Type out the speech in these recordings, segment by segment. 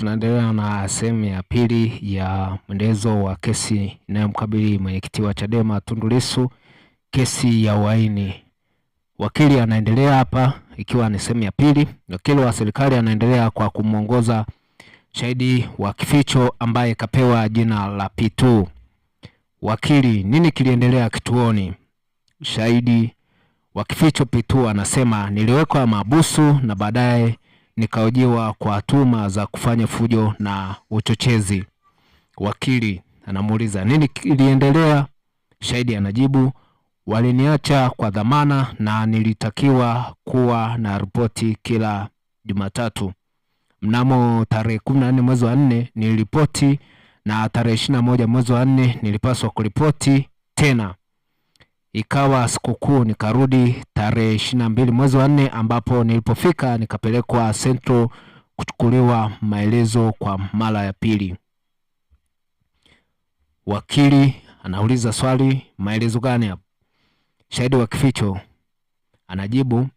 Tunaendelea na sehemu ya pili ya mwendelezo wa kesi inayomkabili mwenyekiti wa Chadema Tundu Lissu, kesi ya uhaini. Wakili anaendelea hapa, ikiwa ni sehemu ya pili. Wakili wa serikali anaendelea kwa kumwongoza shahidi wa kificho ambaye kapewa jina la P2. Wakili, nini kiliendelea kituoni? Shahidi wa kificho P2 anasema niliwekwa mahabusu na baadaye nikaojiwa kwa tuma za kufanya fujo na uchochezi. Wakili anamuuliza nini kiliendelea? Shahidi anajibu waliniacha kwa dhamana na nilitakiwa kuwa na ripoti kila Jumatatu. Mnamo tarehe kumi na nne mwezi wa nne niliripoti na tarehe ishirini na moja mwezi wa nne nilipaswa kuripoti tena. Ikawa sikukuu, nikarudi tarehe ishirini na mbili mwezi wa nne, ambapo nilipofika nikapelekwa Central kuchukuliwa maelezo kwa mara ya pili. Wakili anauliza swali, maelezo gani hapo? Shahidi wa kificho anajibu,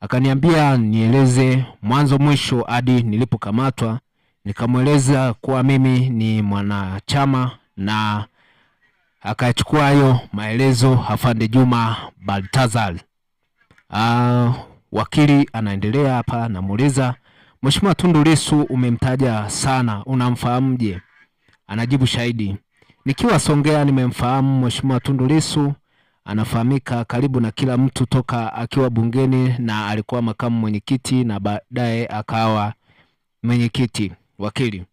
akaniambia nieleze mwanzo mwisho hadi nilipokamatwa. Nikamweleza kuwa mimi ni mwanachama na akachukua hayo maelezo afande Juma Baltazar. Uh, wakili anaendelea hapa, anamuuliza Mheshimiwa Tundu Lissu umemtaja sana, unamfahamuje? Anajibu shahidi, nikiwa Songea nimemfahamu Mheshimiwa Tundu Lissu, anafahamika karibu na kila mtu toka akiwa bungeni na alikuwa makamu mwenyekiti na baadaye akawa mwenyekiti. Wakili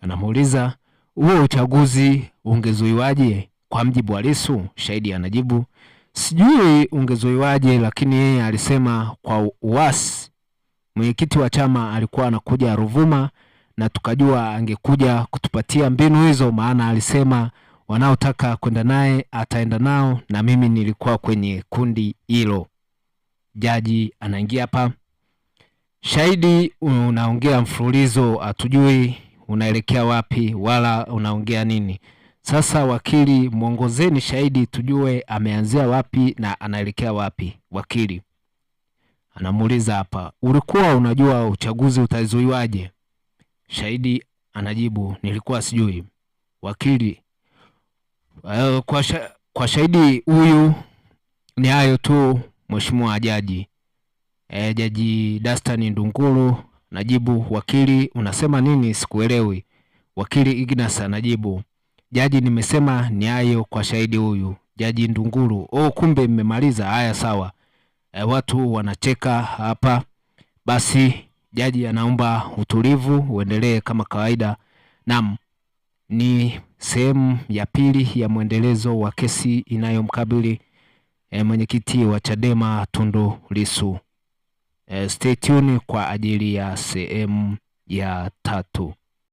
anamuuliza huo uchaguzi ungezuiwaje? Kwa mjibu wa Lissu, shahidi anajibu, sijui ungezuiwaje, lakini yeye alisema kwa uasi. Mwenyekiti wa chama alikuwa anakuja Ruvuma na tukajua angekuja kutupatia mbinu hizo, maana alisema wanaotaka kwenda naye ataenda nao, na mimi nilikuwa kwenye kundi hilo. Jaji anaingia hapa. Shahidi, unaongea mfululizo, hatujui unaelekea wapi wala unaongea nini. Sasa wakili, mwongozeni shahidi tujue ameanzia wapi na anaelekea wapi. Wakili anamuuliza hapa, ulikuwa unajua uchaguzi utazuiwaje? Shahidi anajibu nilikuwa sijui. Wakili kwa, sha, kwa shahidi huyu ni hayo tu mheshimiwa jaji. E, Jaji Dastan Ndunguru najibu. Wakili unasema nini? Sikuelewi. Wakili Ignas anajibu Jaji, nimesema ni hayo kwa shahidi huyu. Jaji Ndunguru, oh, kumbe mmemaliza. Haya, sawa. E, watu wanacheka hapa. Basi jaji anaomba utulivu uendelee kama kawaida. Naam, ni sehemu ya pili ya mwendelezo wa kesi inayomkabili e, mwenyekiti wa Chadema Tundu Lissu. E, stay tuned kwa ajili ya sehemu ya tatu.